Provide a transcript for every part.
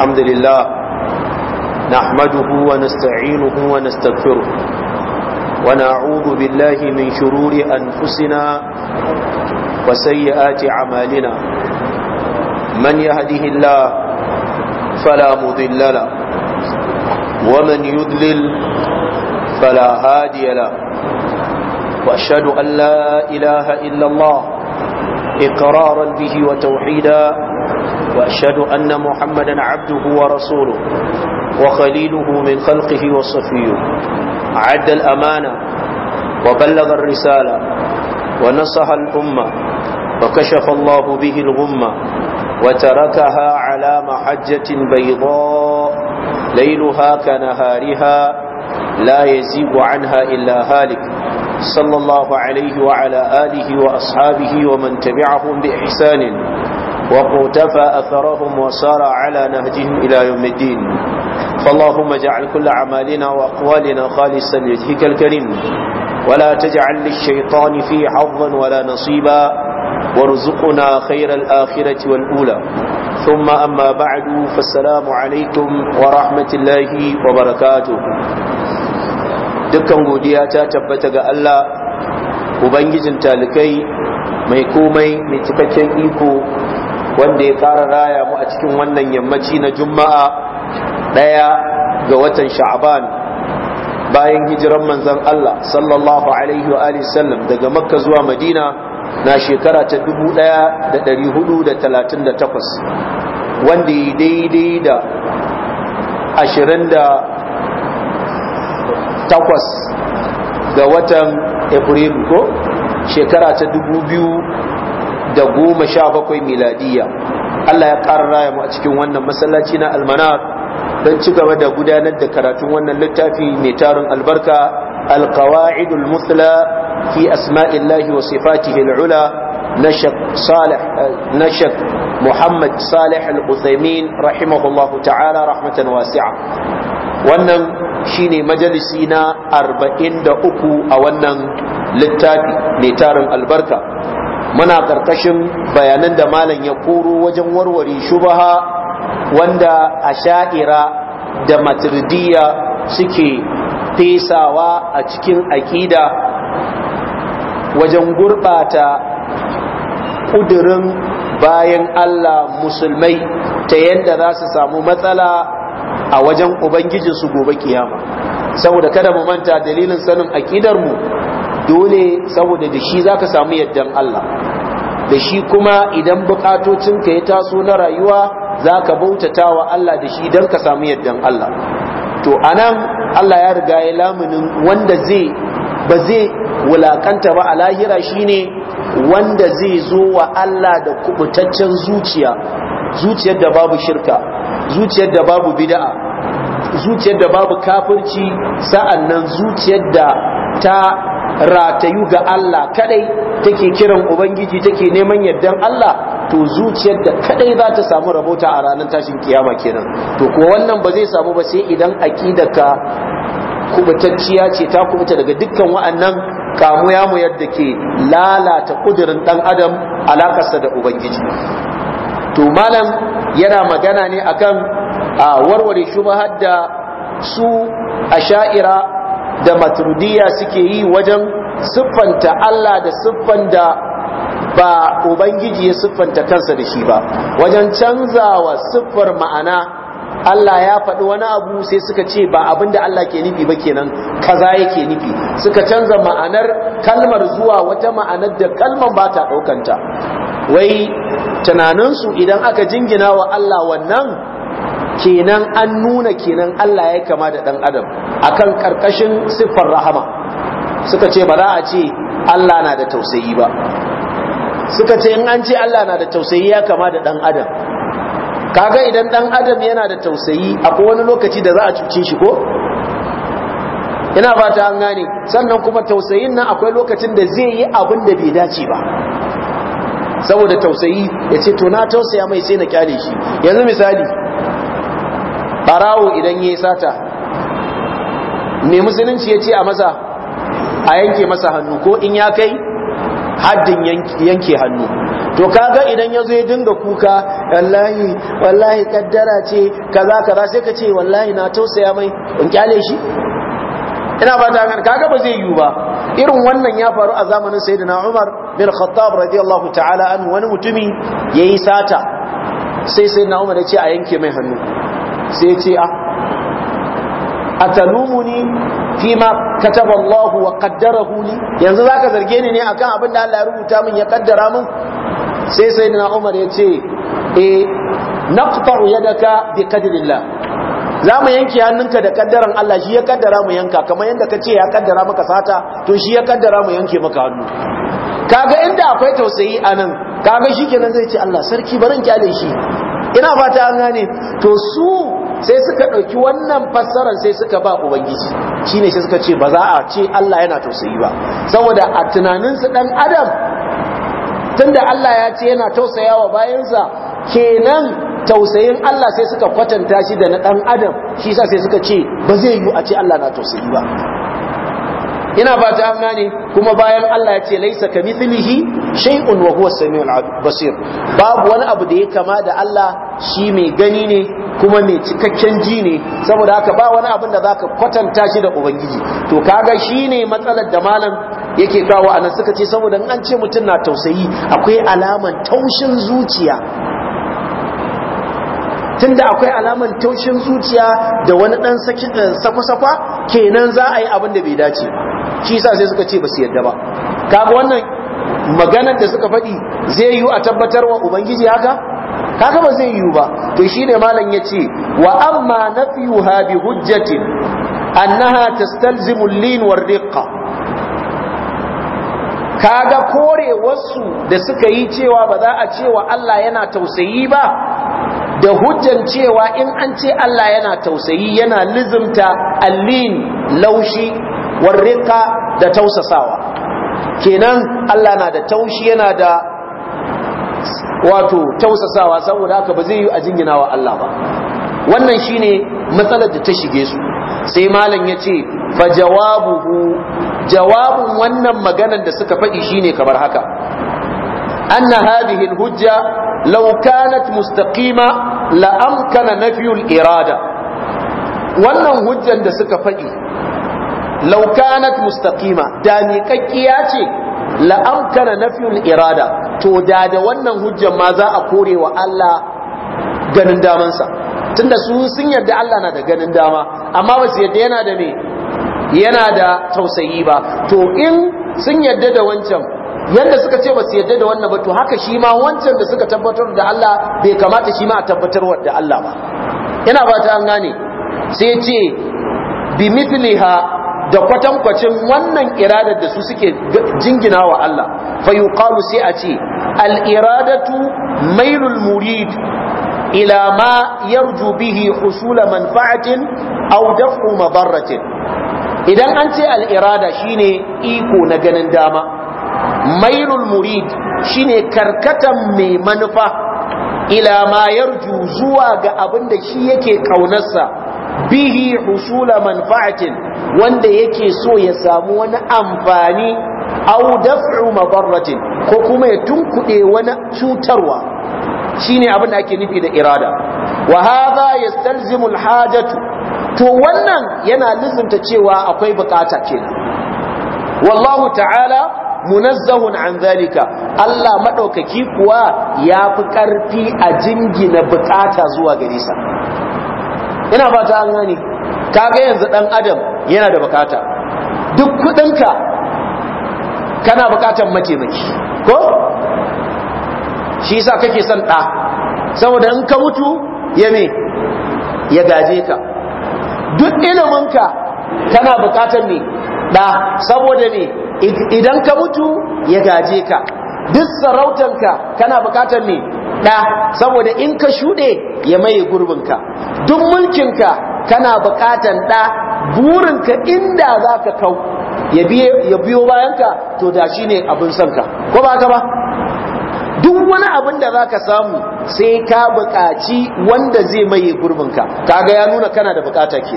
الحمد لله نحمده ونستعينه ونستغفره ونعوذ بالله من شرور أنفسنا وسيئات عمالنا من يهده الله فلا مذل له ومن يذلل فلا هادي له وأشهد أن لا إله إلا الله إقرارا به وتوحيدا وأشهد أن محمدا عبده ورسوله وخليله من خلقه وصفيه عد الأمانة وبلغ الرسالة ونصح الأمة وكشف الله به الغمة وتركها على محجة بيضاء ليلها كنهارها لا يزيب عنها إلا هالك صلى الله عليه وعلى آله وأصحابه ومن تبعهم بإحسان وقتفى أثرهم وسار على نهجهم إلى يوم الدين فاللهم اجعل كل عمالنا وأقوالنا خالصا لذهك الكريم ولا تجعل للشيطان فيه حظا ولا نصيبا وارزقنا خير الآخرة والأولى ثم أما بعد فالسلام عليكم ورحمة الله وبركاته dukkan godiya ta ألا ga Allah ميكومي talikai إيكو wanda ya ƙara raya mu a cikin wannan yammaci na juma'a ɗaya ga watan sha'aban bayan hijiran manzon Allah sallallahu alaihi wa alihi sallam daga makka zuwa madina na shekara ta 1438 wanda ya daidai da 28 ga watan Afrilu ko shekara ta biyu. da goma sha bakwai miladiya Allah ya ƙara raya mu a cikin wannan masallaci na almanar don ci gaba da gudanar da karatun wannan littafi mai tarin albarka alkawa'idul musla fi asma'illahi wa sifatihi al'ula na shak muhammad salih al-uthaymin rahimahullahu ta'ala rahmatan wasi'a wannan shine majalisi na 43 a wannan littafi mai tarin albarka muna ƙarƙashin bayanan da malam ya koro wajen warware shubaha wanda a sha'ira da matirdiya suke fesawa a cikin aƙida wajen gurɓata ƙudurin bayan Allah musulmai ta yadda za su samu matsala a wajen Ubangijinsu gobe kiyama saboda kada mu manta dalilin sanin aƙidarmu dole saboda da shi za ka samu yaddan Allah da shi kuma idan ka ya taso na rayuwa za ka bautata wa Allah da shi don ka samu yaddan Allah to a nan Allah ya riga ya lamunin wanda zai ba zai wulakanta ba a lahira ne wanda zai zo wa Allah da kubutaccen zuciya zuciyar da babu shirka zuciyar da babu bida'a, zuciyar da babu kafirci sa'annan zuciyar da ta ratayu ga Allah kadai take kiran ubangiji take neman yardan Allah to zuciyar da kadai za ta samu rabota a ranar tashin kiyama kenan to ko wannan ba zai samu ba sai idan ka kubutacciya ce ta kubuta daga dukkan wa'annan kamuya mu yadda ke lalata kudirin dan adam alakarsa da ubangiji to malam yana magana ne akan a warware shubahar da su a shaira. da maturidiyya suke yi wajen siffanta Allah da siffan da ba ubangiji ya siffanta kansa da shi ba wajen canzawa siffar ma'ana Allah ya faɗi wani abu sai suka ce ba abin da Allah ke nufi ba kenan kaza yake nufi suka canza ma'anar kalmar zuwa wata ma'anar da kalmar ba ta ɗaukanta wai tunaninsu idan aka jingina wa Allah wannan kenan an nuna kenan Allah ya kama da dan adam akan karkashin siffar rahama suka ce ba za a ce Allah na da tausayi ba suka ce in an ce Allah na da tausayi ya kama da ɗan adam kaga idan ɗan adam yana da tausayi akwai wani lokaci da za a cuce shi ko ina fata an gane sannan kuma tausayin nan akwai lokacin da zai yi abin da bai dace ba saboda tausayi ya ce to na tausaya mai sai na kyale shi yanzu misali barawo idan yi sata me musulunci ya ce a masa a yanke masa hannu ko in ya kai haddin yanke hannu to kaga idan ya zo ya dinga kuka wallahi wallahi kaddara ce kaza kaza sai ka ce wallahi na tausaya mai in kyale shi ina ba ta kaga ba zai yiwu ba irin wannan ya faru a zamanin sayyidina Umar bin Khattab radiyallahu ta'ala an wani mutumi yayi sata sai sayyidina Umar ya ce a yanke mai hannu sai ce a ah, atalumuni fima kataba Allah wa qaddarahu li yanzu zaka zarge ni ne akan abin da Allah ya rubuta min ya kaddara min sai na Umar ya ce eh naqta'u yadaka bi qadrillah za mu yanke hannunka da kaddaran Allah shi ya kaddara mu yanka kamar yadda ka ce ya kaddara maka sata to shi ya kaddara mu yanke maka hannu kaga inda akwai tausayi anan kaga shi kenan zai ce Allah sarki barin kyale shi ina fata an gane to su sai suka ɗauki wannan fassarar sai suka ba ubangiji shine sai suka ce ba za a ce Allah yana tausayi ba saboda a tunaninsu ɗan adam tunda Allah ya ce yana tausayawa bayansa kenan tausayin Allah sai suka kwatanta shi da na ɗan adam shi sa sai suka ce ba zai yiwu a ce Allah na tausayi ba ina ba ta gane kuma bayan Allah ya ce laisa ka mithlihi shay'un wa huwa samiul basir babu wani abu da ya kama da Allah shi mai gani ne kuma mai cikakken ji ne saboda haka ba wani abin da zaka kwatanta shi da ubangiji to kaga shine matsalar da malam yake kawo anan suka ce saboda in an ce mutum na tausayi akwai alaman taushin zuciya tunda akwai alaman taushin zuciya da wani dan sakwa eh, kenan za a yi abin da bai dace shi yasa sai suka ce ba su yarda ba kaga wannan maganar da suka faɗi zai yiwu a tabbatar wa ubangiji haka kaga ba zai yiwu ba to shi shine malam ce wa amma nafyuha bi hujjatin annaha tastalzimu al-lin kaga korewarsu da suka yi cewa ba za a cewa Allah yana tausayi ba da hujjan cewa in an ce Allah yana tausayi yana lizimta allin laushi warrika da tausasawa kenan Allah na da taushi yana da wato tausasawa saboda haka ba zai yi a jingina wa Allah ba wannan shine matsalar da ta shige su sai malam ya ce fa jawabuhu jawabun wannan maganar da suka faɗi shine kamar haka anna hadhihi alhujja law kanat mustaqima la amkana nafyu irada wannan hujjan da suka faɗi law kanat mustaqima da miƙaƙƙiya ce la amkana nafyul irada to da da wannan hujjan ma za a kore wa Allah ganin damansa tunda su sun yarda Allah na da ganin dama amma ba su yarda yana da me yana da tausayi ba to in sun yarda da wancan yadda suka ce ba su yarda da wannan ba to haka shi ma wancan da suka tabbatar da Allah bai kamata shi ma a tabbatar da Allah ba ina ba ta an gane sai ce bi mithliha da kwatankwacin wannan iradar da su suke jingina wa Allah fa yuqalu sai a ce aliradatu mailul murid ila ma yarju bihi husula manfa'atin au daf'u madarratin idan an ce al irada shine iko na ganin dama mailul murid shine karkatan mai manufa ila ma yarju zuwa ga abin da shi yake ƙaunarsa. bihi husula manfa'atin wanda yake so ya samu wani amfani au daf'u madarratin ko kuma ya tunkuɗe wani cutarwa shine abin da ake nufi da irada wa hadha yastalzimu alhajatu to wannan yana lizumta cewa akwai bukata kenan wallahu ta'ala munazzahun an zalika Allah madaukaki kuwa yafi karfi a jingina bukata zuwa gare ina fata an ka ga yanzu dan adam yana da bukata duk kudinka kana bukatan mataimaki ko shi yasa kake son ɗa saboda in ka mutu ya me ya gaje ka duk iliminka kana bukatan ne ɗa saboda ne idan ka mutu ya gaje ka duk sarautanka kana bukatan ne ɗa saboda in ka shuɗe ya maye ka duk mulkinka kana buƙatan ɗa burinka inda za ka kau ya biyo bayanka to da shi ne abin sanka ko ba ka ba duk wani abin da za ka samu sai ka buƙaci wanda zai maye gurbinka kaga ya nuna kana da buƙata ke.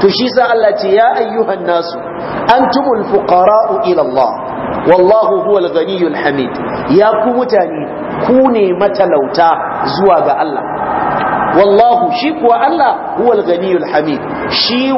to shi sa Allah ce ya ayyuhan nasu antumul fuqara'u ila Allah wallahu huwal ghaniyyul hamid ya ku mutane ku ne matalauta zuwa ga Allah wallahu shi kuwa Allah huwal ghaniyyul hamid shi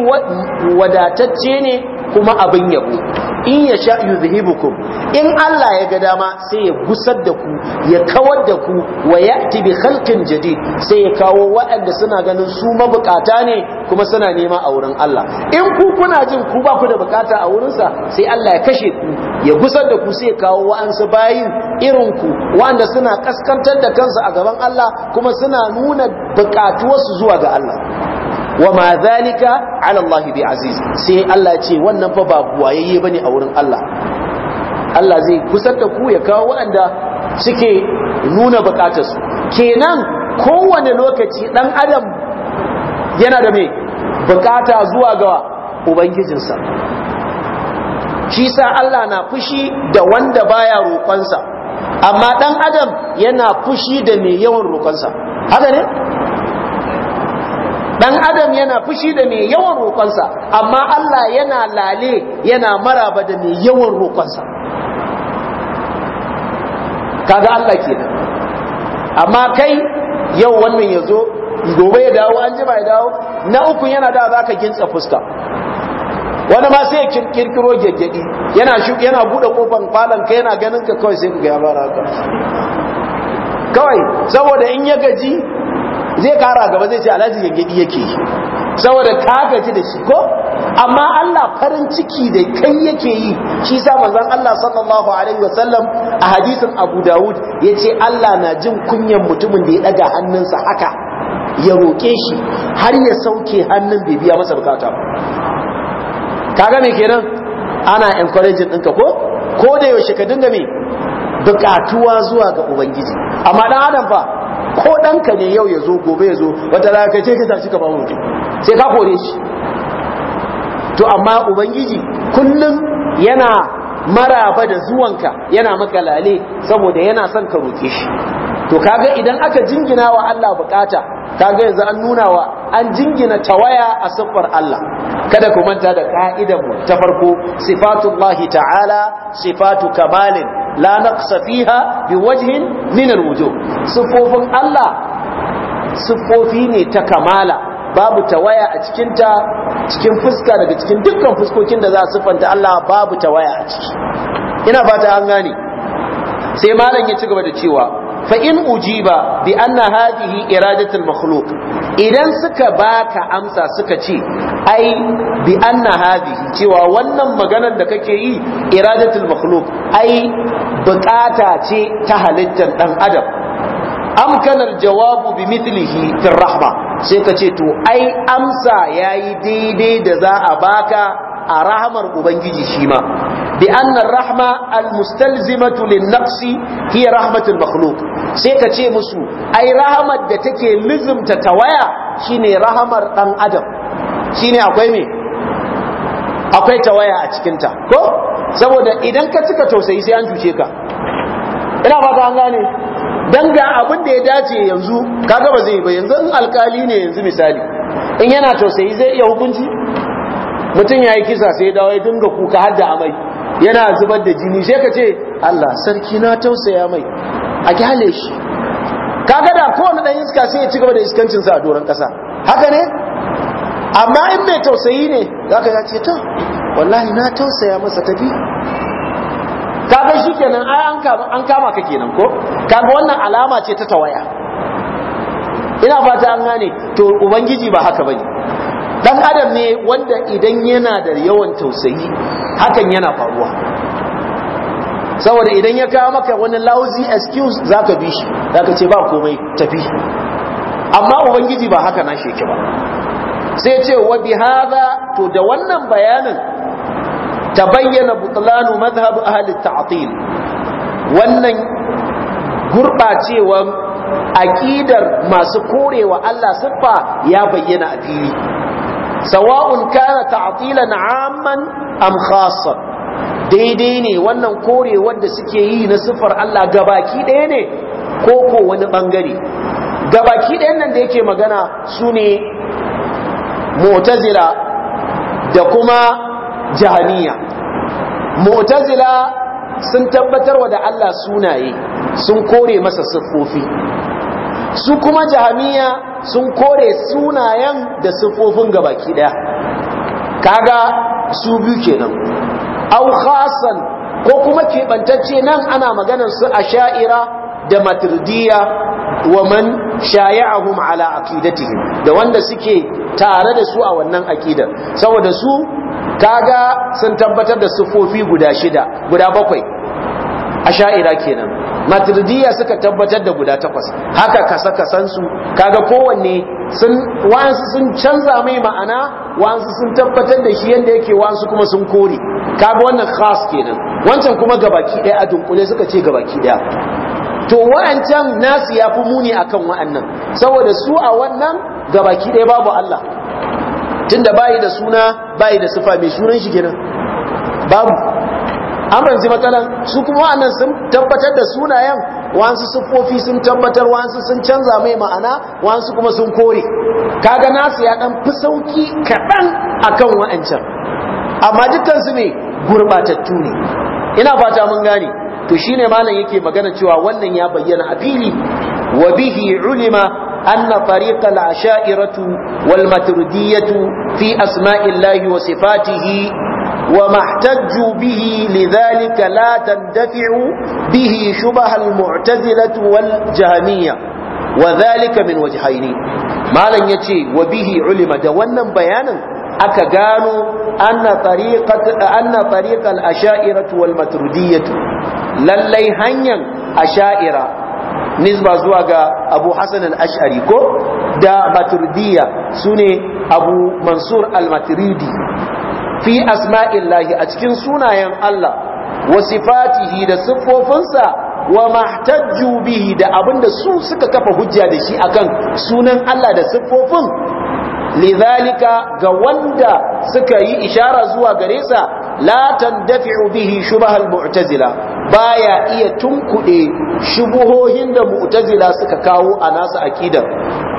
wadatacce ne kuma abin yabo in ya sha yuzhibukum in Allah ya ga dama sai ya gusar da ku ya kawar da ku wa ya'ti bi khalqin jadid sai ya kawo waɗanda suna ganin su mabukata ne kuma suna nema a wurin Allah in ku kuna jin ku ba ku da bukata a wurinsa, sai Allah ya kashe ku ya gusar da ku sai ya kawo wa'ansu bayin irin ku wanda suna kaskantar da kansu a gaban Allah kuma suna nuna bukatuwarsu zuwa ga Allah wa ma zalika ala Allah bi aziz sai Allah ce wannan fa ba buwayayye bane a wurin Allah Allah zai kusar da ku ya kawo waɗanda suke nuna su. kenan kowane lokaci dan adam yana da me bukata zuwa ga ubangijinsa shi sa Allah na fushi da wanda baya roƙonsa amma dan adam yana fushi da mai yawan roƙonsa haka ne dan adam yana fushi da mai yawan roƙonsa amma Allah yana lale yana maraba da mai yawan roƙonsa kaga Allah kenan amma kai yau wannan ya zo gobe ya dawo an ji ya dawo na uku yana da za ka gintsa fuska wani ma sai ya kirkiro gyaggyaɗi yana yana buɗe ƙofar falon ka yana ganin ka kawai sai ka ga ya fara haka kawai saboda in ya gaji zai kara gaba zai ce alhaji gaggadi yake saboda ka gaji da shi ko amma Allah farin ciki da kai yake yi shi sa manzon Allah sallallahu alaihi wasallam a hadisin Abu Dawud yace Allah na jin kunyan mutumin da ya daga hannunsa haka ya roƙe shi har ya sauke hannun bai biya masa bukata kaga me kenan ana encouraging ɗinka ko ko da yaushe ka dinga me bukatuwa zuwa ga ubangiji amma dan adam fa ko ɗanka ne yau ya zo gobe ya zo wata rana kai ce ka tashi ka ba mu sai ka kore shi to amma ubangiji kullum yana maraba da zuwanka yana maka lale saboda yana son ka roke shi to kaga idan aka jingina wa Allah bukata kaga yanzu an nuna wa an jingina tawaya a siffar Allah kada ku manta da ka'idar mu ta farko sifatullahi ta'ala sifatu kamalin la naqsa fiha biwajhin min alwujuh sifofin Allah sifofi ne ta kamala babu tawaya a cikinta cikin fuska daga cikin dukkan fuskokin da za su fanta Allah babu tawaya a ciki ina fata an gane sai malam ya ci gaba da cewa fa in ujiba bi anna hadhihi iradatul makhluq idan suka baka amsa suka ce ai bi anna hadhihi cewa wannan maganar da kake yi iradatul makhluq ai bukata ce ta halittar dan adam amkanar jawabu bi mithlihi fi rahma sai ka ce to ai amsa yayi daidai da za a baka a rahamar ubangiji shi ma bi anna rahma al mustalzimatu lin nafsi hiya rahmatul makhluq sai ka ce musu ai rahmar da take lizumta tawaya shine rahamar dan adam shine akwai me akwai tawaya a cikinta ko saboda idan ka cika tausayi sai an cuce ka ina ba ta gane dan ga abin da ya dace yanzu kaga ba zai ba yanzu in alkali ne yanzu misali in yana tausayi zai iya hukunci mutum ya yi kisa sai ya dawo ya dinga kuka har da amai yana zubar da jini sai ka ce Allah sarki na tausaya mai a gyale shi kaga da kowane dan iska sai ya ci gaba da iskancin sa a doron kasa haka ne amma in mai tausayi ne za ka ce to wallahi na tausaya masa tafi Ka ga shi kenan ai an kama ka kenan ko kaga wannan alama ce ta tawaya ina fata an gane to ubangiji ba haka bane dan adam ne wanda idan yana da yawan tausayi hakan yana faruwa saboda idan ya kawo maka wani lousy excuse ka bi shi ka ce ba komai tafi amma ubangiji ba haka na shi ba sai ce wa bi hada to da wannan bayanin tabayyana butlanu madhhab ahli ta'til wannan gurbacewan aqidar masu korewa Allah siffa ya bayyana a fili sawa'un kana ta'tilan 'amman am khassan daidai ne wannan korewar da suke yi na siffar Allah gabaki ɗaya ne ko ko wani bangare gabaki ɗayan nan da yake magana su ne mu'tazila da kuma jahaniya mu'tazila sun tabbatarwa da Allah sunaye sun kore masa siffofi su kuma jahaniya sun kore sunayen da siffofin gaba kida kaga su biyu kenan au khasan ko kuma kebantacce nan ana maganar su a sha'ira da matirdiya wa man shaya'ahum ala aqidatihim da wanda suke tare da su a wannan aqidar saboda su kaga sun tabbatar da sufofi guda shida guda bakwai asha'ira kenan matirdiya suka tabbatar da guda takwas haka kasa kasan su kaga kowanne sun wa'ansu sun canza mai ma'ana wa'ansu sun tabbatar da shi yadda yake wa'ansu kuma sun kore kaga wannan khas kenan wancan kuma gabaki daya a dunkule suka ce gabaki daya to wa'ancan nasu ya fi muni a kan wa'annan saboda su a wannan gabaki ɗaya babu Allah tunda bayi da suna bayi da sifa mai sunan shi gina babu an matsalan su kuma wa'annan sun tabbatar da sunayen wasu sufofi sun tabbatar wasu sun canza mai ma'ana wasu kuma sun kore kaga nasu ya ɗan fi sauki kaɗan kan wa'ancan amma dukkan su ne gurbatattu ne ina fata mun gane to shine malam yake magana cewa wannan ya bayyana a fili wa bihi ulima أن طريق العشائرة والمتردية في أسماء الله وصفاته وما احتجوا به لذلك لا تندفع به شبه المعتزلة والجهمية وذلك من وجهين ما لن يتي وبه علم دوانا بيانا أكغانو أن طريقة, أن طريق الأشائرة والمتردية lallai hanyar asha'ira nisba zuwa ga abu hassan al-ash'ari ko da maturdiya su ne abu mansur al-maturidi fi asma'illahi a cikin sunayen Allah wa sifatihi da siffofinsa wa mahtajju bihi da abinda su suka kafa hujja da shi akan sunan Allah da siffofin lidhalika ga wanda suka yi ishara zuwa gare Latan tandafi'u bihi shubahal mu'tazila baya iya tunkuɗe shubuhohin da mu'tazila suka kawo a nasu aqidar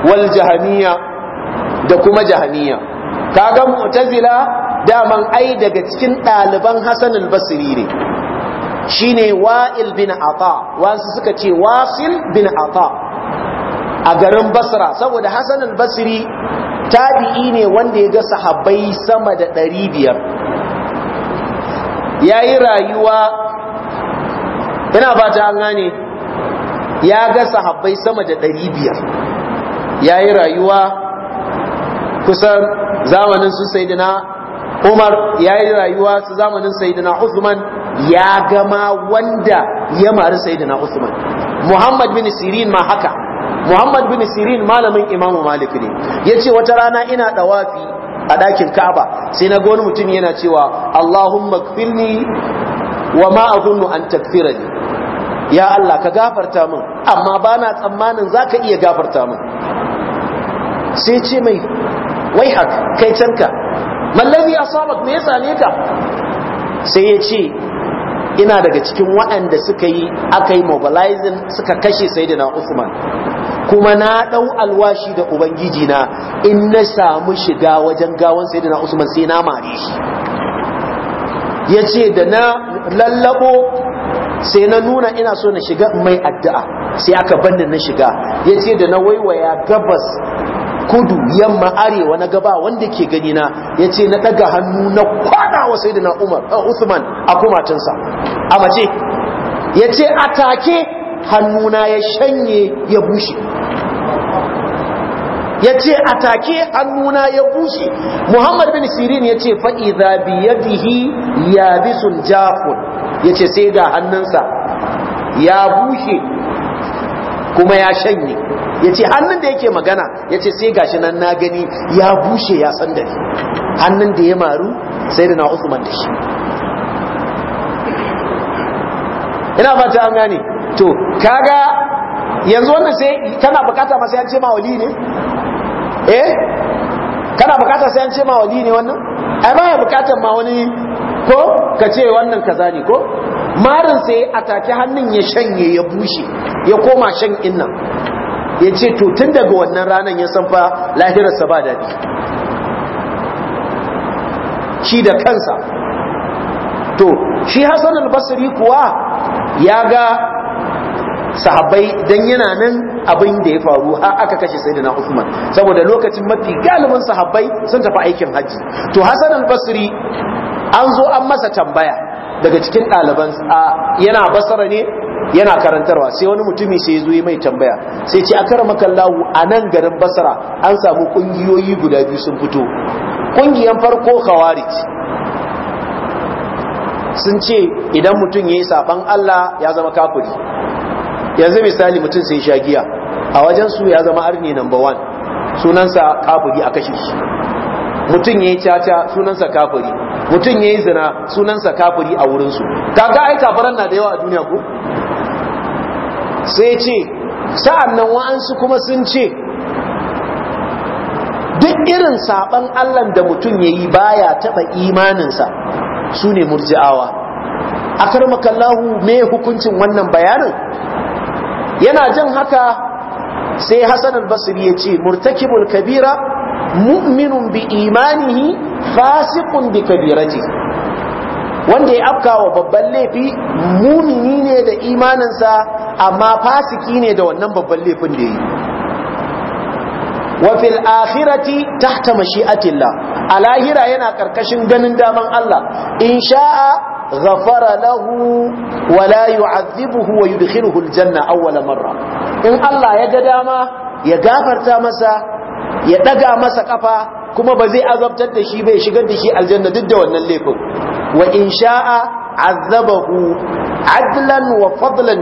wal jahaniya da kuma jahamiya kaga mu'tazila daman ai daga cikin ɗaliban Hassan al-Basri ne shine Wa'il bin Ata wasu suka ce Wasil bin Ata a garin Basra saboda Hassan al-Basri tabi'i ne wanda ya ga sahabbai sama da 500 ya yi rayuwa ina ba ta an gane ya ga sahabbai sama da ɗari biyar ya yi rayuwa kusan zamanin su saidina umar ya yi rayuwa su zamanin saidina usman ya gama wanda ya mari saidina usman muhammad bin sirin ma haka muhammad bin sirin malamin imamu malik ne ya ce wata rana ina ɗawafi a ɗakin Ka'aba sai na ga wani mutum yana cewa Allahumma kfirni wa ma an an ne ya Allah ka gafarta min amma bana tsammanin za ka iya gafarta min sai ce mai wai haka kai canka mallabi a me mai tsane ka sai ya ce ina daga cikin waɗanda suka yi aka yi mobilizing suka kashe sai da na Usman kuma na ɗau alwashi da ubangiji na in na samu shiga wajen gawan sai na usman sai na mare shi ya da na lallabo sai na nuna ina so na shiga mai addu'a sai aka bannin na shiga Yace da na waiwaya gabas kudu yamma arewa na gaba wanda ke gani na Yace na ɗaga hannu na kwana wa sai na eh, usman a kumatinsa a mace ya ce a take hannuna ya shanye ya bushe ya ce a take hannuna ya bushe muhammad bin sirin ya ce fa’i zabi ya bisun jafun ya ce sai ga hannunsa ya bushe kuma ya shanye ya ce hannun da yake magana ya ce sai gashi nan na gani ya bushe ya sandari hannun da ya maru sai da na usman da shi ina fata an gane to kaga yanzu wannan sai kana bukata ma sai an ce ma wali ne eh kana bukata sai an ce ma wali ne wannan ai ba ya bukatar ma wani ko ka ce wannan kaza ne ko marin sai a take hannun ya shanye ya bushe ya koma shan innan ya ce to tun daga wannan ranar ya san fa lahirarsa ba daɗi shi da kansa to shi al-basri kuwa ya ga sahabbai dan yana nan abin da ya faru har aka kashe sayyidina Usman, saboda lokacin mafi galibin sahabbai sun tafi aikin haji to Hassan al-Basri an zo an masa tambaya daga cikin ɗaliban yana basara ne yana karantarwa sai wani mutumi sai zo mai tambaya sai ce a kara makallahu a nan garin basara an samu ƙungiyoyi guda biyu sun fito ƙungiyan farko khawarij sun ce idan mutum ya yi saɓan Allah ya zama kafiri yanzu misali mutum sai sha giya a wajen su ya zama arni number one sunansa kafuri a kashe shi mutum ya yi caca sunansa kafuri, mutum ya yi zina sunansa kafuri a wurinsu kaga ai kafaran na da yawa a duniya ko sai ce sa'an nan wa'ansu kuma sun ce duk irin saban allan da mutum ya yi baya taɓa imaninsa su ne murji'awa a karmakallahu me hukuncin wannan bayanin yana jin haka sai Hassan al ya ce murtakibul kabira mu'minun bi imanihi fasikun bi kabirati wanda ya afkawa babban laifi mumini ne da imaninsa amma fasiki ne da wannan babban laifin da yi wa fil akhirati tahta mashi'atillah a lahira yana karkashin ganin daman Allah in sha'a ghafara lahu wa la yu'adhibuhu wa yudkhiluhu aljanna awwala marra in Allah ya ga dama ya gafarta masa ya ɗaga masa kafa kuma ba zai azabtar da shi ya shigar da shi aljanna duk da wannan laifin wa in sha'a azabahu adlan wa fadlan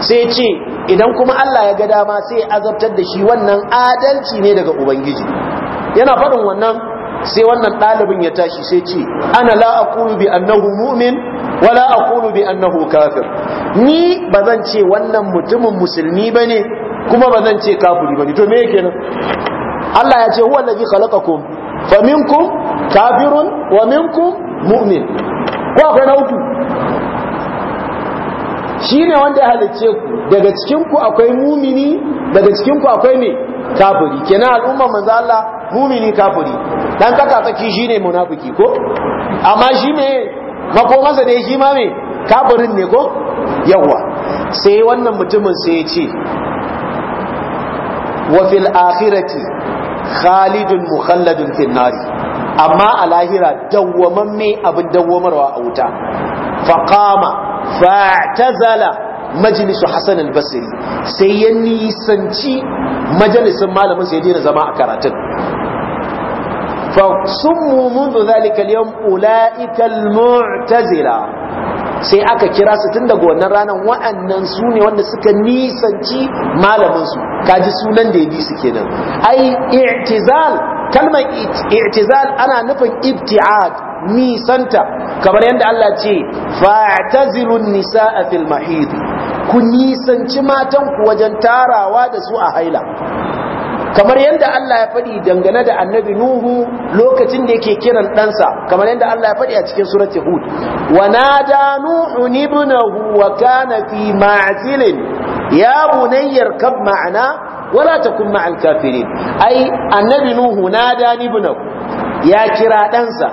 sai ce idan kuma Allah ya ga dama sai azabtar da shi wannan adalci ne daga ubangiji yana faɗin wannan sai wannan ɗalibin ya tashi sai ce ana la aqulu bi annahu mu'min wala aqulu bi annahu kafir ni bazan ce wannan mutumin musulmi bane kuma bazan ce kafiri bane to me yake nan Allah ya ce huwa allazi khalaqakum faminkum kafirun wa minkum mu'min ko akwai na uku shine wanda ya halicce ku daga cikin ku akwai mumini daga cikin ku akwai me kafiri kenan al'umma manzo Allah mumini kafiri dan tsaka tsaki shine munafiki ko amma shi me masa ne shi ma me kafirin ne ko yawa sai wannan mutumin sai ya ce wa fil akhirati khalidun mukhalladun fil nari amma a lahira mai abin dawwamarwa a wuta fa tazala zala hasan al-Basri sai ya nisanci majalisin malamin sai ya daina zama a karatun فسموا منذ ذلك اليوم أولئك المعتزلة sai aka kira su tun daga wannan ranar wa'annan su ne wanda suka nisanci malaminsu kaji sunan da ya bi su kenan ai i'tizal kalmar i'tizal ana nufin ibti'ad nisanta kamar yadda Allah ce fa'tazilun nisa'a fil mahid ku nisanci matan ku wajen tarawa da su a haila kamar yadda Allah ya faɗi dangane da annabi Nuhu lokacin da yake kiran ɗansa kamar yadda Allah ya faɗi a cikin surat Hud wa nada Nuhu ibnahu wa kana fi ma'zilin ya bunayyar kab ma'ana wala takun ma'al kafirin ai annabi Nuhu nada ibnahu ya kira ɗansa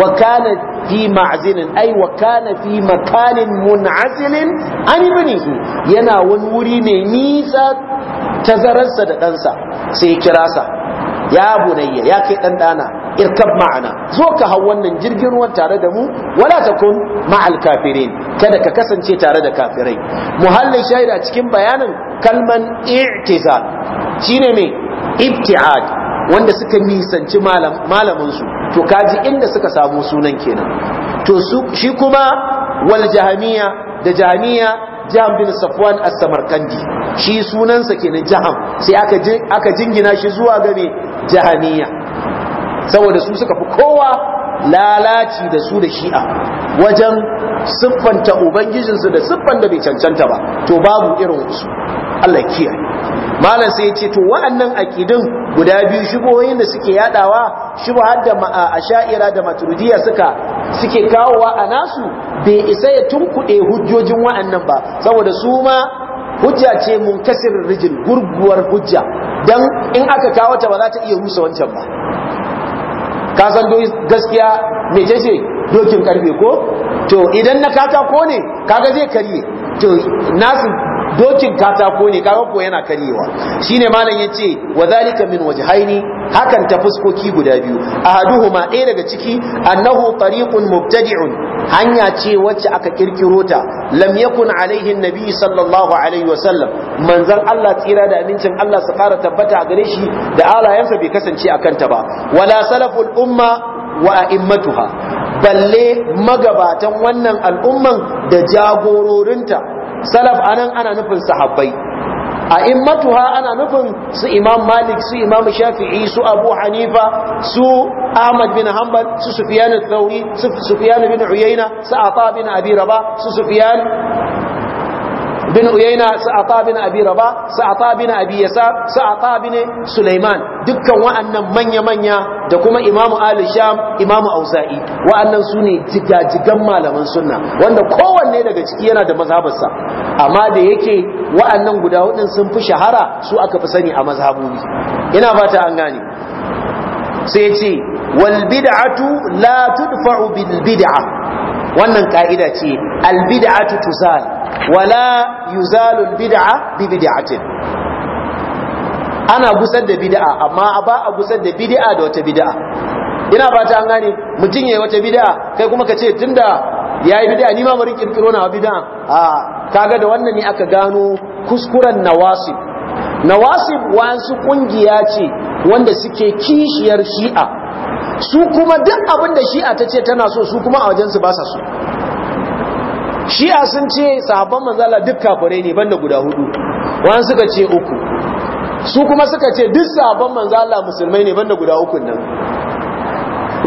wa kana fi ma'zilin ai wa kana fi makanin mun'azilin an ibnihi yana wani wuri mai nisa tazararsa da ɗansa sai ya kira sa ya bunayya ya kai ɗan ɗana irkab ma'ana zo ka hau wannan jirgin ruwan tare da mu wala takun ma'al kafirin kada ka kasance tare da kafirai muhallin shaida cikin bayanin kalman i'tizal shine me ibti'ad wanda suka nisanci su to kaji inda suka samu sunan kenan to shi kuma wal jahamiya da jahamiya Jam bin safwan as samarkandi shi sunansa kenan jaham sai aka jingina shi zuwa gane jahaniya saboda su suka fi kowa lalaci da su da shi'a wajen siffanta ubangijinsu da siffan da bai cancanta ba to babu irin wasu Allah kiyar malam sai ya ce to wa'annan akidun guda biyu shubohin da suke yadawa shubhar da asha'ira da maturidiyya suka suke kawowa a nasu bai isa ya tunkuɗe hujjojin wa'annan ba saboda su ma hujja ce mun kasir rijil gurguwar hujja dan in aka kawo ta ba za ta iya rusa wancan ba ka san gaskiya me ce ce dokin karfe ko to idan na kaka ko ne kaga zai karye to nasu dokin katako ne kaka ko yana Shi ne malam yace wa zalika min wajhaini hakan ta fuskoki guda biyu ahaduhuma ɗaya daga ciki annahu tariqun mubtadi'un hanya ce wacce aka kirkiro ta lam yakun alaihi nabi sallallahu alaihi wasallam manzon Allah tsira da amincin Allah su fara tabbata a gare shi da alayansa bai kasance akan ta ba wala salaful umma wa a'immatuha balle magabatan wannan al'umman da jagororinta salaf anan ana nufin sahabbai a immatuha ana nufin su imam malik su imam shafi'i su abu hanifa su ahmad bin hanbal su sufyan al-thawri su sufyan bin uyayna su ata bin abi raba su sufyan bin uyayna su ata bin abi raba su ata bin abi yasa su ata bin sulaiman dukkan wa'annan manya manya da kuma imamu ali sham imamu auza'i wa'annan su ne jigajigan malaman sunna wanda kowanne daga ciki yana da mazhabarsa amma da yake wa'annan guda hudun sun fi shahara su aka fi sani a mazhabobi ina fata an gane sai ya ce wal bid'atu la tudfa'u bil bid'a wannan ka'ida ce al bid'atu tuzal wala yuzalu bid'a bi bid'atin ana gusar da bid'a amma ba a gusar da bid'a da wata bid'a ina fata an gane mutum yayi wata bid'a kai kuma kace tunda yayi bid'a ni ma bari kirkiro na bid'a a kaga da wannan ne aka gano kuskuren nawasib nawasib wasu kungiya ce wanda suke kishiyar shi'a su kuma duk abinda shi'a ta ce tana so su kuma a wajensu ba sa so shi'a sun ce sahabban manzala duk kafirai ne banda guda hudu wani suka ce uku su kuma suka ce duk sahabban manzala musulmai ne banda guda uku nan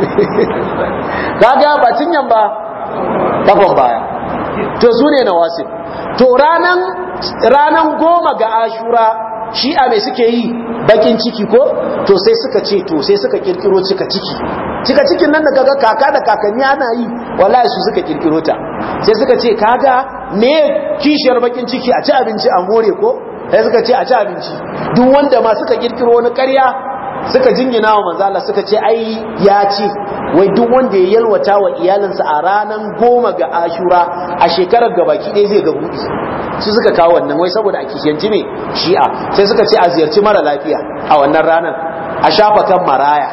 kaga ba cinyan ba kafan baya to su ne na wasu to ranan goma ga ashura shi'a mai suke yi bakin ciki ko to sai suka ce to sai suka kirkiro cika ciki cika cikin nan da kaga kaka da kakanni ana yi wallahi su suka kirkiro ta sai suka ce kaga me kishiyar bakin ciki a ci abinci a more ko sai suka ce a ci abinci duk wanda ma suka kirkiro wani ƙarya suka jingina wa Manzala suka ce ai ya ce wai duk wanda ya yalwata wa iyalinsa a ranan goma ga ashura a shekarar gabaki ɗaya zai ga buɗi su suka kawo wannan wai saboda a kishiyanci ne shi'a sai suka ce a ziyarci mara lafiya a wannan ranar a shafa kan maraya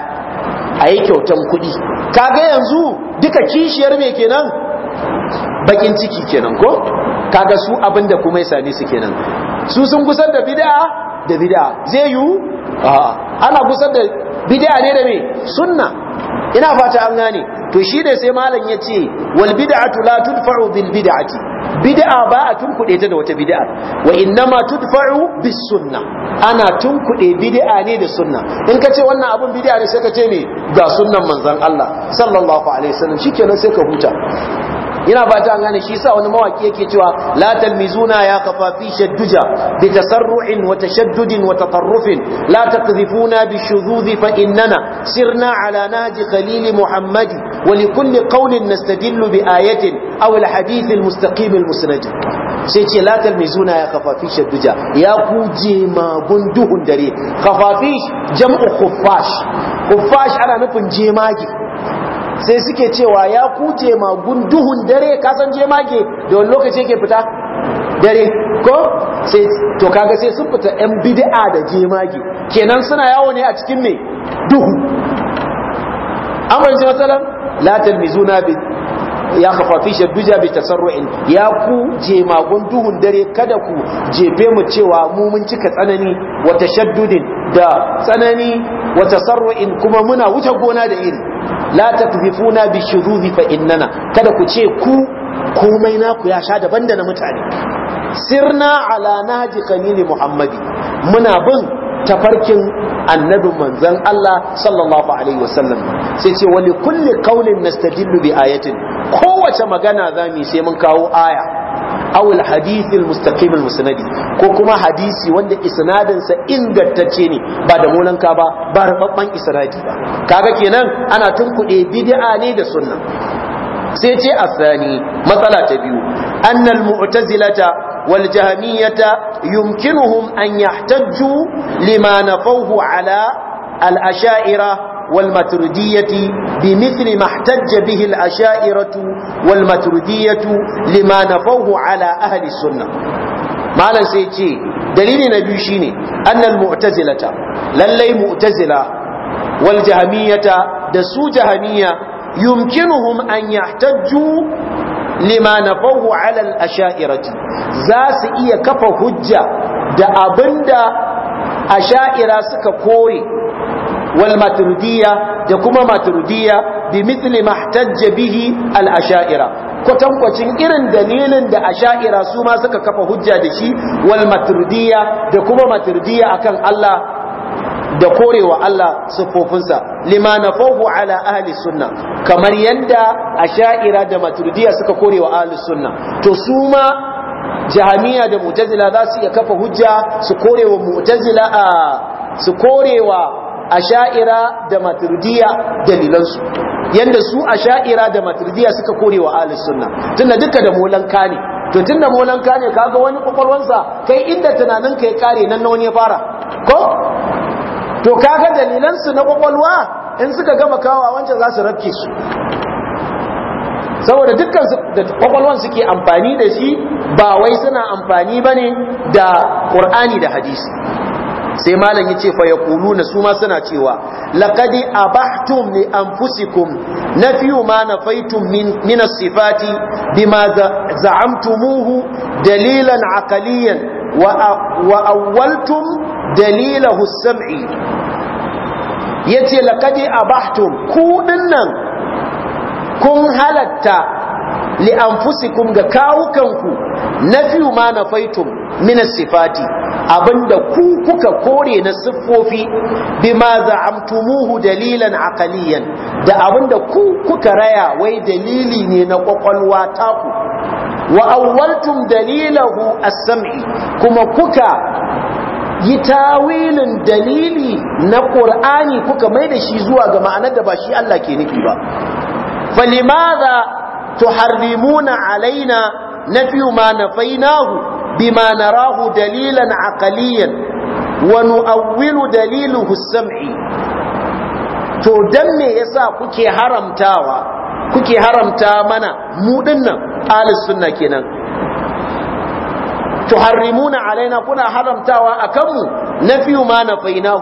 a yi kyautan kuɗi kaga yanzu duka kishiyar me kenan bakin ciki kenan ko kaga su abinda kuma ya ne su kenan su sun kusan da bid'a da bid'a zai yiwu ana gusar da bid'a ne da me sunna ina fata an gane to shi ne sai malam ya ce wal bid'atu la tudfa'u bil bid'ati bid'a ba a tunkuɗe ta da wata bid'a wa ma tudfa'u bis sunna ana tunkuɗe bid'a ne da sunna in ka ce wannan abun bid'a ne sai ka ce ne ga sunnan manzon Allah sallallahu alaihi wasallam shikenan sai ka huta ina bata an gane shi sa wani mawaki yake cewa la talmizuna ya kafafi shadduja bi tasarru'in wa tashaddudin wa tatarrufin la taqdhifuna bi shuzudhi fa innana sirna ala nahji khalil muhammadi wa li kulli qawlin nastadillu bi ayatin aw al hadith al mustaqim al musnad sai ce la talmizuna ya kafafi shadduja ya kuje magun duhun dare kafafi jam'u khuffash khuffash ana nufin jemage sai suke cewa ya kuce magun duhun dare kasan je mage da wani lokaci ke fita dare ko sai to kaga sai sun fita yan bid'a da jemage kenan suna yawo ne a cikin mai duhu amma yanzu matsalan latin mizuna ya kafafi shadduja bi tasarru'in ya ku jemagun duhun dare kada ku jefe mu cewa mu mun cika tsanani wa tashaddudin da tsanani wa tasarru'in kuma muna wuce gona da iri la takzifuna bi shuruhi fa innana kada ku ce ku komai naku ya sha daban da na mutane sirna ala nahji khalili muhammadi muna bin tafarkin annabin manzon Allah sallallahu alaihi wasallam sai ce wani kulli qaulin nastadillu bi ayatin kowace magana za mu sai mun kawo aya awul hadithil mustaqimil musnadi ko kuma hadisi wanda isnadinsa ingantacce ne ba da molanka ba ba rababban isnadi ba kaga kenan ana tunkuɗe bid'a ne da sunna sai ce asani matsala ta biyu annal mu'tazilata والجهمية يمكنهم أن يحتجوا لما ala al asha'ira والمتردية بمثل ما احتج به الأشائرة والمتردية لما نفوه على أهل السنة ما لنسيتي دليل نبيشيني أن المعتزلة للي معتزلة والجهمية دسو جهمية يمكنهم أن يحتجوا لما نفوه على الأشائرة ذاس إيا كف حجة da abinda asha'ira suka kore walmaturdiya da kuma maturdiya bi mithli mahtajja bihi al ashaira kwatankwacin irin dalilin da ashaira su ma suka kafa hujja da shi walmaturdiya maturidiyya da kuma maturidiyya akan Allah da korewa Allah siffofinsa lima nafahu ala ahli sunna kamar yanda asha'ira da maturdiya suka korewa ahli sunna to su ma jahamiya da mu'tazila za su iya kafa hujja su korewa mu'tazila a su korewa asha'ira da maturidiya dalilansu yanda su asha'ira da maturidiya suka kore wa ahlus sunna tunda duka da molanka ne to tunda molanka ne kaga wani sa kai inda tunanin kai kare nan na wani ya fara ko to kaga dalilansu na kwakwalwa in suka gama kawa wancan za su rafke su saboda dukkan da suke amfani da shi ba wai suna amfani bane da qur'ani da hadisi sai malam yace fa yaquluna su ma suna cewa laqad abahtum li anfusikum nafiyu ma nafaitum min min sifati bima za'amtumuhu dalilan aqaliyan wa awwaltum dalilahu as-sam'i yace laqad abahtum ku dinnan kun halatta li anfusikum ga kawukanku nafiyu ma na faitum min sifati abinda ku kuka kore na siffofi bima za'amtumuhu dalilan aqaliyan da abinda ku kuka raya wai dalili ne na kwakwalwa taku wa awwaltum dalilahu as-sam'i kuma kuka yi tawilin dalili na ƙur'ani kuka mai da shi zuwa ga ma'anar da ba shi Allah ke nufi ba limaza. tuharrimuna alaina nafiyu ma nafainahu bima narahu dalilan aqaliyan wa nu'awwilu daliluhu sam'i to dan me yasa kuke haramtawa kuke haramta mana mu dinnan ahlus sunna kenan tuharrimuna alaina kuna haramtawa akan mu Na nafiyu ma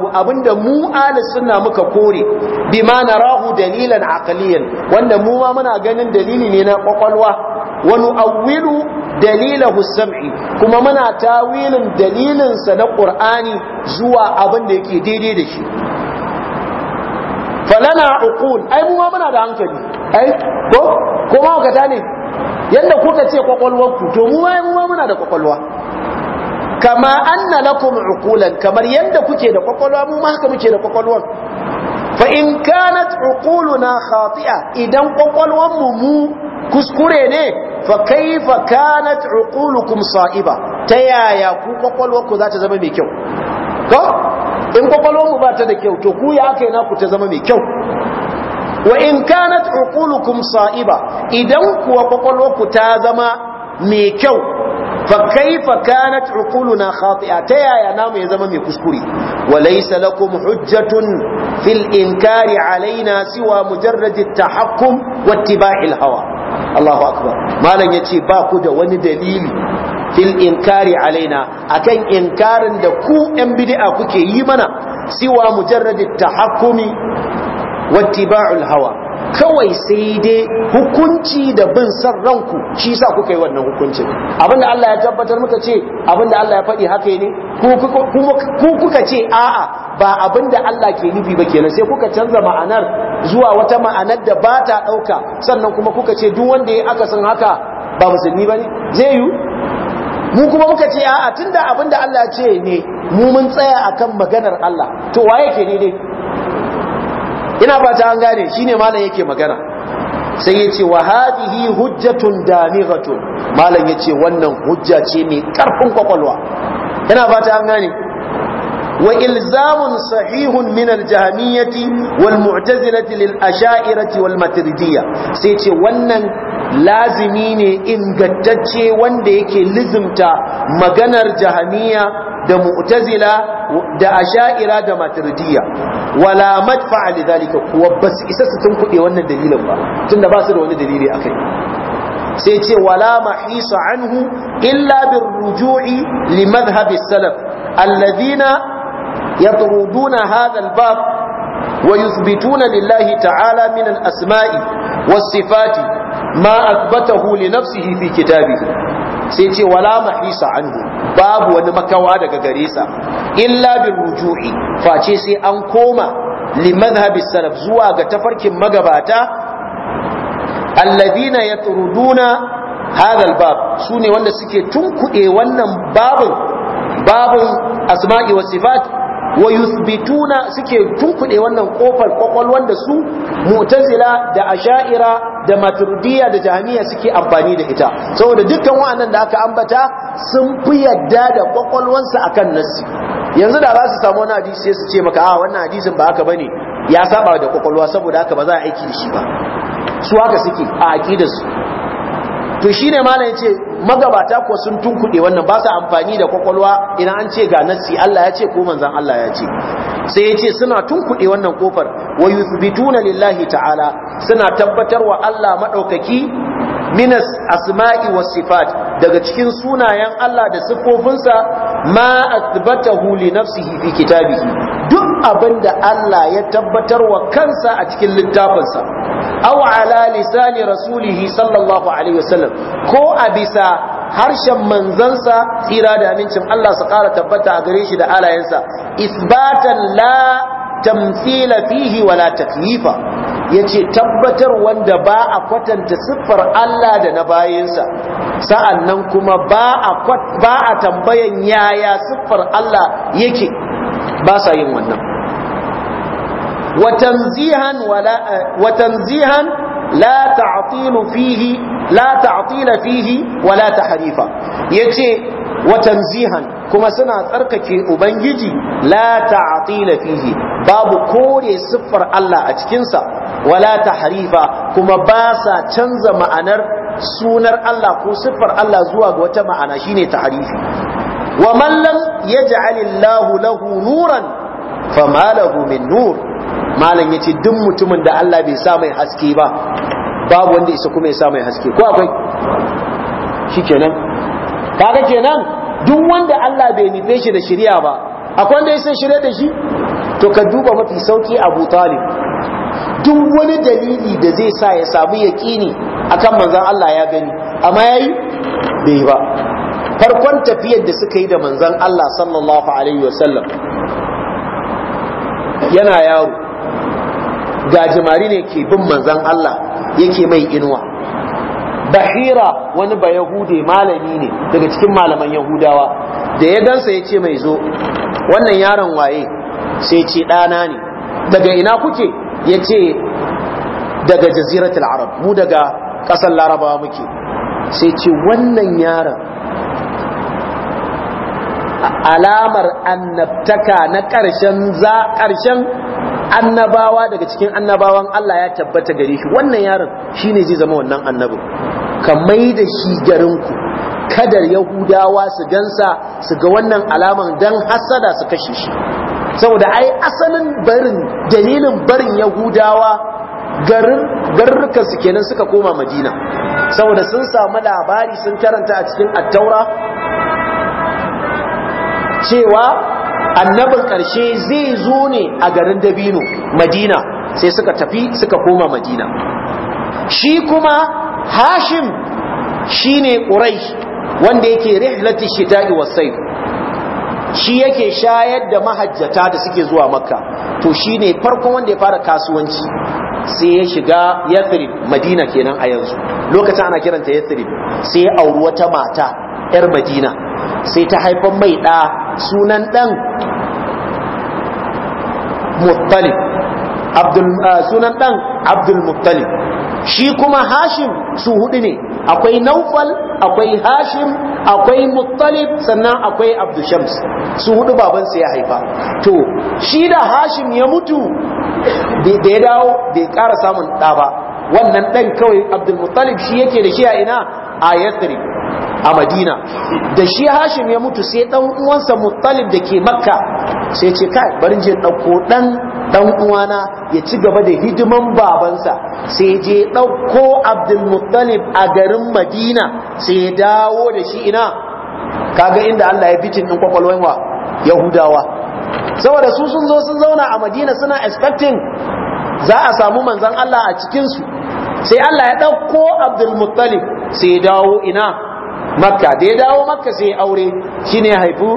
hu abinda mu ahli suna muka kore na rahu dalilan aqliyan wanda mu ma muna ganin dalili ne na kwakwalwa wa nu'awwilu dalilahu sam'i kuma muna tawilin dalilin sa na qur'ani zuwa abinda yake daidai da shi falana uqul ai mu ma muna da hankali ai ko kuma ka ne yanda kuka ce kwakwalwar ku to mu ma mu ma muna da kwakwalwa kama anna lakum uqulan kamar yanda kuke da kwakwalwa mu ma haka muke da kwakwalwan fa in kanat uquluna khati'a idan kwakwalwan mu mu kuskure ne fa kaifa kanat uqulukum sa'iba ta yaya ku kwakwalwar ku za ta zama mai kyau ko in kwakwalwar mu ba ta da kyau to ku ya kai na ku ta zama mai kyau wa in kanat uqulukum sa'iba idan kuwa kwakwalwar ku ta zama mai kyau fa kaifa na uquluna khati'a ta yaya namu ya zama mai kuskure wa laysa lakum hujjatun fil inkari alaina siwa mujarrad at-tahakkum wa ittiba'il hawa Allahu akbar malam yace ba ku da wani dalili fil inkari alaina akan inkarin da ku yan bid'a kuke yi mana siwa mujarrad at-tahakkumi wa ittiba'ul hawa kawai sai dai hukunci da bin san ranku shi sa kuka yi wannan hukunci abinda Allah ya tabbatar muka ce abinda Allah ya faɗi haka ne ku kuka ce a'a ba abinda Allah ke nufi ba kenan sai kuka canza ma'anar zuwa wata ma'anar da ba ta ɗauka sannan kuma kuka ce duk wanda ya aka san haka ba musulmi ba ne zai yi mu kuma muka ce a'a tunda abinda Allah ce ne mu mun tsaya akan maganar Allah to waye ke ne dai ina fata an gane shine malam yake magana sai yace wa hadhihi hujjatun damighatun malam yace wannan hujja ce mai karfin kwakwalwa ina fata an gane wa ilzamun sahihun min aljahmiyyati wal mu'tazilati lil asha'irati wal maturidiyya sai ce wannan lazimi ne ingantacce wanda yake lizimta maganar jahmiya da mu'tazila da asha'ira da maturidiyya wala li lidhalika kuwa basu isa su kuɗe wannan dalilin ba tunda ba su da wani dalili akai sai ce wala mahisa anhu illa bir ruju'i li madhhabis salaf alladhina yatruduna hadha al-bab wa yuthbituna lillahi ta'ala min al-asma'i was-sifati ma akbatahu li nafsihi fi kitabihi sai ce wala mahisa anhu babu wani makawa daga gare sa illa bi ruju'i face sai an koma li madhhabi salaf zuwa ga tafarkin magabata alladhina yatruduna hadha albab sune wanda suke tunkuɗe wannan babun babin asma'i wa sifat wa yusbituna suke tunkuɗe wannan kofar kwakwalwar da su mu'tazila da asha'ira da maturidiyya da jami'a suke amfani da ita saboda dukkan wa'annan da aka ambata sun fi yadda da kwakwalwansu akan nassi yanzu da za su samu wani hadisi sai su ce maka a ah, wannan hadisin ba haka bane ya saba da kokolwa saboda haka ba za a aiki da shi ba su haka suke a aqidarsu to shine malam yace magabata ko sun tunkuɗe wannan ba su amfani da kwakwalwa idan an ce ga nassi Allah ya ce ko manzan Allah ya ce sai ya ce suna tunkuɗe wannan kofar wa yuthbituna lillahi ta'ala suna tabbatar wa Allah madaukaki minas asma'i was sifat daga cikin sunayen Allah da siffofinsa ma athbatahu li nafsihi fi kitabihi abin da Allah ya tabbatar wa kansa a cikin littafinsa aw ala lisani rasulihi sallallahu alaihi wasallam ko a bisa harshen manzansa tsira da amincin Allah su ƙara tabbata a gare shi da alayensa isbatan la tamthila fihi wala takyifa yace tabbatar wanda ba a kwatanta siffar Allah da na bayinsa sa'annan kuma ba a ba a tambayan yaya siffar Allah yake ba sa yin wannan وتنزيها ولا وتنزيها لا تعطيل فيه لا تعطيل فيه ولا تحريف يتي وتنزيها كما سنا تركك أبنجي لا تعطيل فيه باب كوري صفر الله أتكنسا ولا تحريفا كما باسا تنزى معنر سونر الله كو صفر الله زواج وتمع أنا شيني تحريفي ومن لم يجعل الله له نورا فما له من نور malam yace duk mutumin da Allah bai sa mai haske ba babu wanda isa kuma ya sa mai haske ko akwai Shi kenan, kaga kenan duk wanda Allah bai nufe shi da shari'a ba akwai wanda yasa shari'a shirya da shi to ka duba mafi sauki Abu Talib duk wani dalili da zai sa ya samu yaƙini akan manzon Allah ya gani amma yayi bai ba farkon tafiyar da suka yi da manzon Allah sallallahu alaihi wasallam yana yaro gajimari ne ke bin manzan Allah yake mai inuwa bahira wani ba yahude malami ne daga cikin malaman yahudawa da ya gansa ya ce mai zo wannan yaron waye sai ce ɗana ne daga ina kuke ya ce daga jaziratul arab mu daga ƙasar larabawa muke sai ce wannan yaron alamar annabtaka na ƙarshen za ƙarshen annabawa daga cikin annabawan Allah ya tabbata gare shi wannan yaron shine zai zama wannan annabi ka mai da shi garin ku kada yahudawa su gansa su ga wannan alaman dan hasada su kashe shi saboda ai asalin barin dalilin barin yahudawa garurukan su kenan suka koma madina saboda sun samu labari sun karanta a cikin attaura cewa annabin ƙarshe zai zo ne a garin dabino madina sai suka tafi suka koma madina shi kuma hashim shi ne ƙurai wanda yake rihlati shita'i wasai shi yake shayar da mahajjata da suke zuwa makka to shi ne farkon wanda ya fara kasuwanci sai ya shiga yathrib madina kenan a yanzu lokacin ana kiranta yathrib sai ya auri wata mata 'yar madina sai ta haifan mai ɗa sunan ɗan muttalib ah, sunan ɗan abdulmuttalib shi kuma hashim su hudu ne akwai naufal akwai hashim akwai muttalib sannan akwai abdushams su hudu babansa ya haifa to shi da hashim ya mutu da ya dawo bai ƙara samun ɗa ba wannan ɗan kawai abdulmuttalib shi yake da shi a ina a a madina da shi hashim ya mutu sai dan uwansa muttalib da ke makka sai ce kai barin je ɗauko ɗan ɗan uwana ya ci gaba da hidiman babansa sai je ɗauko abdul muttalib a garin madina sai ya dawo da shi ina kaga inda allah ya fitin ɗin kwakwalwan wa yahudawa saboda su sun zo sun zauna a madina suna expecting za a samu manzan allah a cikinsu sai allah ya ɗauko abdul muttalib sai ya dawo ina makka da ya dawo makka sai aure shine ya haifu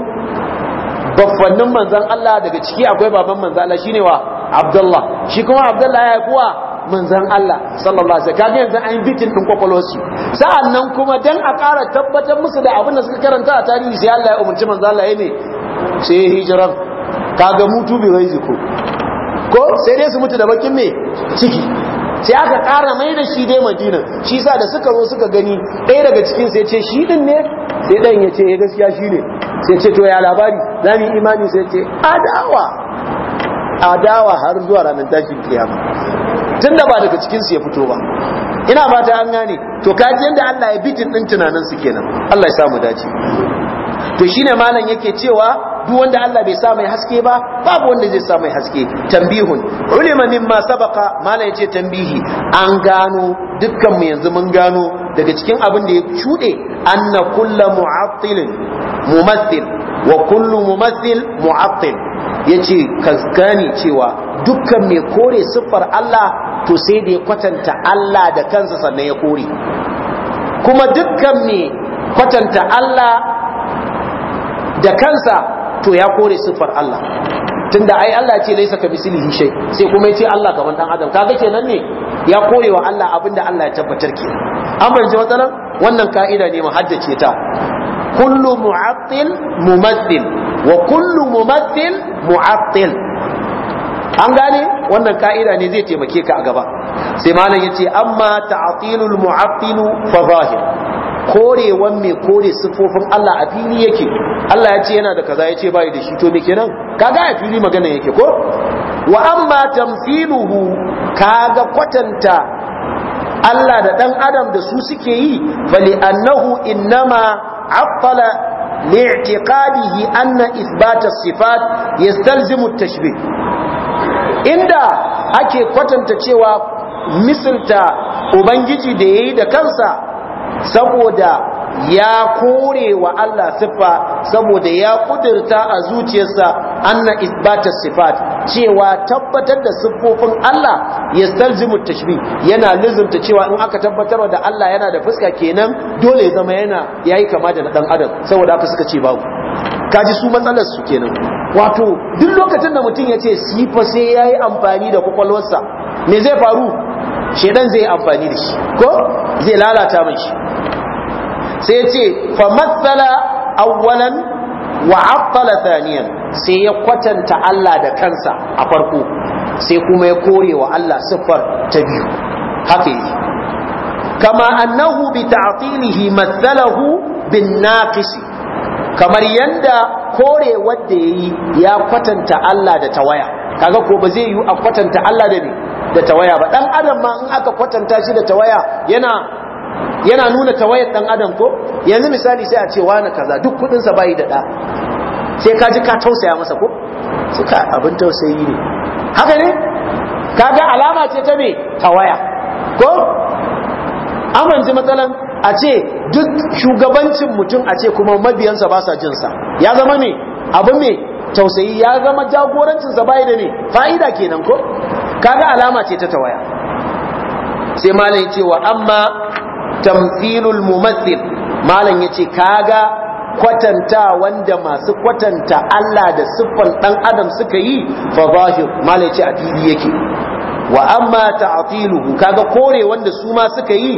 baffannin manzan Allah daga ciki akwai baban manzan Allah shine wa Abdullah shi kuma Abdullah ya haifuwa manzan Allah sallallahu alaihi wasallam yanzu an bitin din kwakwalwarsu sa'annan kuma dan a ƙara tabbatar musu da abin da suka karanta a tarihi sai Allah ya umarci manzan Allah ya ne sai hijiran kaga mutu bi ghaiziku ko sai dai su mutu da bakin me ciki sai aka kara mai da shi dai madina shi sa da suka zo suka gani ɗaya daga cikin sai ce shi ɗin ne sai ɗan ya ce ya eh, gaskiya shi ne sai ce to ya labari za mu imani sai ce adawa adawa har zuwa ranar tashin kiyama Tunda ba daga cikinsu ya fito ba ina fata an gane to kaji yadda Allah ya bitin ɗin tunaninsu kenan Allah ya samu dace to shine malam yake cewa duk wanda Allah bai sa mai haske ba babu wanda zai sa mai haske tambihun ulima mimma sabaqa mala yace tambihi an gano dukkan mu yanzu mun gano daga cikin abin da ya cude anna kullu mu'attilin mumathil wa kullu mumathil mu'attil yace ka gane cewa dukkan mai kore siffar Allah to sai da ya kwatanta Allah da kansa sannan ya kore kuma dukkan mai kwatanta Allah da kansa to ya kore siffar Allah tunda ai Allah ce laisa ka bisilihi shay sai kuma yace Allah gaban dan adam kaga kenan ne ya kore wa Allah abinda Allah ya tabbatar ke an bayyana matsalan wannan ka'ida ne mu haddace ta kullu mu'attil mumaddil wa kullu mumaddil mu'attil an gane wannan ka'ida ne zai taimake ka a gaba sai malam yace amma ta'tilul mu'attilu fa zahir korewan mai kore siffofin Allah a fili yake Allah ya ce yana da kaza ya ce bai da shi to me kenan kaga a fili magana yake ko wa amma tamthiluhu kaga kwatanta Allah da dan adam da su suke yi bali annahu innama affala li'tiqadihi anna ithbat as-sifat yastalzimu at-tashbih inda ake kwatanta cewa misalta ubangiji da yayi da kansa saboda ya kore wa Allah siffa saboda ya kudurta a zuciyarsa anna isbata sifat cewa tabbatar da siffofin Allah yastalzimu tashbih yana lizumta cewa in aka tabbatar da Allah yana da fuska kenan dole ya zama yana yayi kama da dan adam saboda haka suka ce babu kaji su matsalar su kenan wato duk lokacin da mutum ya ce sifa sai yayi amfani da kwakwalwarsa me zai faru shedan zai amfani da shi ko zai lalata mai shi sai ya ce fa matsala awwalan wa aqala thaniyan sai ya kwatanta Allah da kansa a farko sai kuma ya kore wa Allah siffar ta biyu haka yi kama annahu bi ta'tilihi mathalahu bin naqis kamar yanda kore wanda yayi ya kwatanta Allah da tawaya kaga ko ba zai yi a kwatanta Allah da ne da tawaya ba dan adam ma in aka kwatanta shi da tawaya yana yana nuna tawayar dan adam ko yanzu misali sai a ce wani kaza duk kudin sa bai da da sai ka ji ka tausaya masa ko sai ka abin tausayi ne haka ne kaga alama ce ta me tawaya ko amma ji matsalan a ce duk shugabancin mutum a ce kuma mabiyansa ba sa jin sa ya zama me abu me tausayi ya zama jagorancinsa bai da ne fa'ida kenan ko kaga alama ce ta tawaya sai malai cewa amma tamthilul mumathil malam yace kaga kwatanta wanda masu kwatanta Allah da siffan dan adam suka yi fa zahir malam yace a yake wa amma ta'tiluhu kaga kore wanda su ma suka yi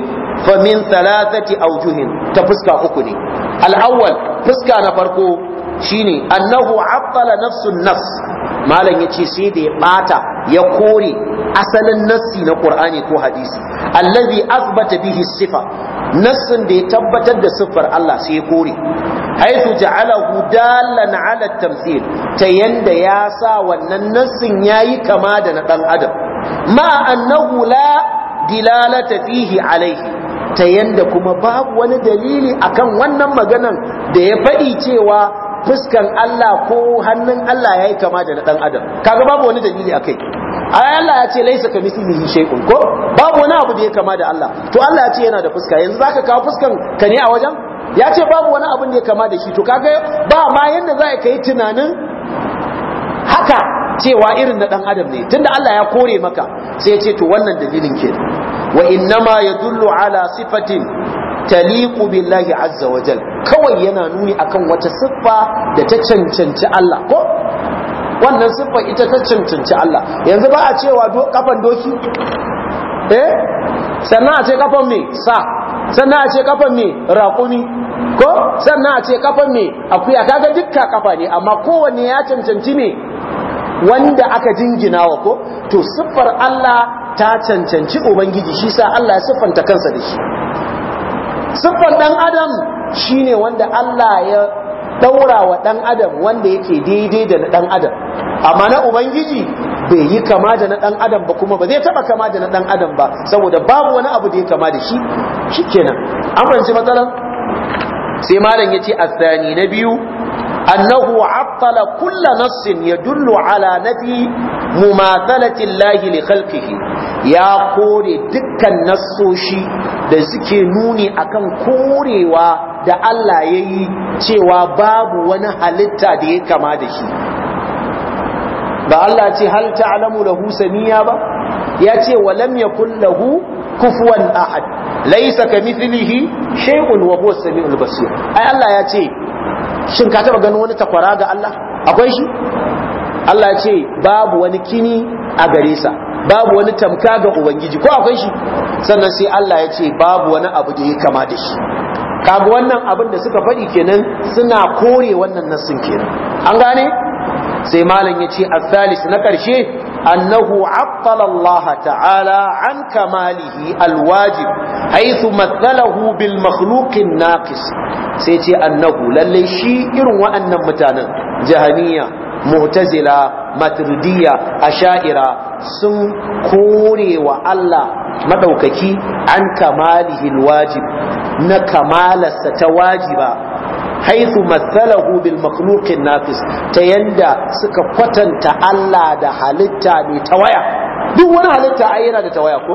fa min thalathati awjuhin ta fuska uku ne al-awwal fuska na farko shine annahu abbala nafsun nafs malam yace sai da ya bata ya kore asalin nassi na qur'ani ko hadisi allazi asbata bihi sifa nassin da ya tabbatar da siffar Allah sai ya kore haythu ja'alahu dalan 'ala at-tamthil ta yanda ya sa wannan nassin yayi kama da na dan adam ma annahu la dilalata fihi alayhi ta yanda kuma babu wani dalili akan wannan maganan da ya faɗi cewa fuskan Allah ko hannun Allah ya yi kama da na ɗan adam kaga babu wani dalili a kai a Allah ya ce laisa kamithlihi shay'un ko babu wani abu da ya kama da Allah to Allah ya ce yana da fuska yanzu zaka kawo fuskan ka ne a wajen ya ce babu wani abu da ya kama da shi to kaga ba ma yanda za ka yi tunanin haka cewa irin na ɗan adam ne tunda Allah ya kore maka sai ya ce to wannan dalilin ke. wa innama yadullu ala sifatin taliqu billahi azza jal kawai yana nuni akan wata siffa da ta cancanci Allah ko wannan siffa ita ta cancanci Allah yanzu ba a cewa do kafan doki eh sannan a ce kafan me sa sannan a ce kafan me raƙumi ko sannan a ce kafan me akuya kaga dukkan kafa ne amma kowanne ya cancanci me wanda aka jingina wa ko to siffar Allah ta cancanci ubangiji shi sa Allah ya siffanta kansa da shi siffar ɗan adam shine wanda Allah ya daura wa dan adam wanda yake daidai da na ɗan adam amma na ubangiji bai yi kama da na dan adam ba kuma ba zai taba kama da na dan adam ba saboda babu wani abu da ya kama da shi shikenan an fahimci matsalar sai malam ya yace asani na biyu Annahu أنه عطل كل نص يدل على نفي مماثلة الله لخلقه Ya kore dukkan nasoshi da suke nuni akan korewa da Allah ya yi cewa babu wani halitta da ya kama da shi ba Allah ce hal ta'lamu lahu samiya ba ya ce wa lam yakul lahu kufuwan ahad laysa kamithlihi shay'un wa huwa as-sami'ul basir ai Allah ya ce shin ka taba ganin wani takwara ga Allah akwai shi Allah ya ce babu wani kini a gare sa babu wani tamka ga ubangiji ko akwai shi sannan sai Allah ya ce babu wani abu da ya kama da shi kaga wannan abin da suka faɗi kenan suna kore wannan nassin kenan an gane sai malam ya ce al salis na karshe annahu attala Allah ta'ala an kamalihi alwajib haythu mathalahu bil makhluqin naqis sai ce annahu lallai shi irin wa'annan mutanen jahaniya mu'tazila maturidiyya asha'ira sun kore wa Allah madaukaki an kamalihil wajib na kamalarsa ta wajiba bil مثله nafis ta yanda suka kwatanta Allah da halitta ne ta waya duk wani halitta ai yana da tawaya ko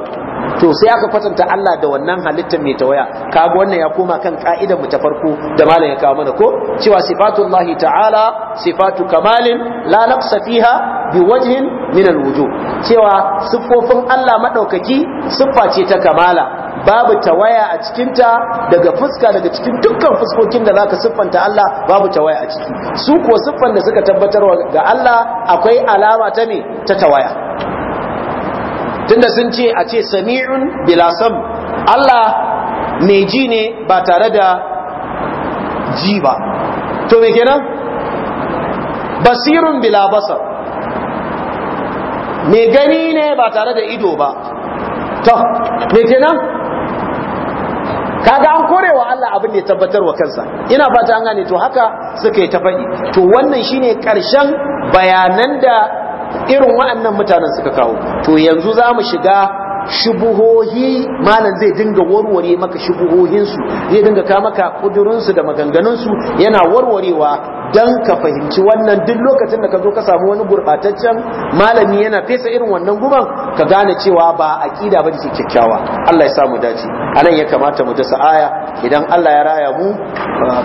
to sai aka kwatanta Allah da wannan halittar mai tawaya kaga wannan ya koma kan ka'idar mu ta farko da malam ya kawo mana ko cewa sifatullahi ta'ala sifatu kamalin la naqsa fiha wajhin min alwujuh cewa siffofin Allah madaukaki siffa ce ta kamala babu tawaya a cikinta daga fuska daga cikin dukkan fuskokin da zaka siffanta Allah babu tawaya a ciki su kuwa siffan da suka tabbatarwa ga Allah akwai alama ta ne ta tawaya tunda sun ce a ce sami'un bilasam Allah mai ji ne ba tare da ji ba to me kenan basirun bila basar mai gani ne ba tare da ido ba to me kenan kaga an kore wa Allah abin da ya tabbatar wa kansa ina fata an gane to haka suka yi ta faɗi to wannan shine ƙarshen bayanan da irin wa'annan mutanen suka kawo to yanzu za mu shiga shubuhohi malam zai dinga warware maka shubuhohinsu zai dinga ka maka kudurinsu da maganganunsu yana warwarewa don ka fahimci wannan duk lokacin da ka zo ka samu wani gurɓataccen malami yana fesa irin wannan guban ka gane cewa ba aƙida ba ce kyakkyawa Allah ya sa mu dace anan ya kamata mu dasa aya idan Allah ya raya mu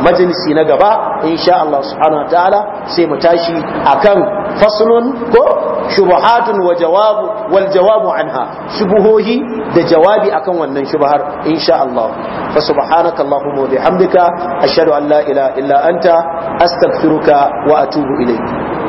majalisi na gaba in sha Allah subhanahu ta'ala sai mu tashi akan faslun ko shubuhatun wa jawabu wal anha shubuhohi da jawabi akan wannan shubhar insha Allah fa subhanaka wa bihamdika ashhadu an la ilaha illa anta astaghfiruka wa atubu ilayk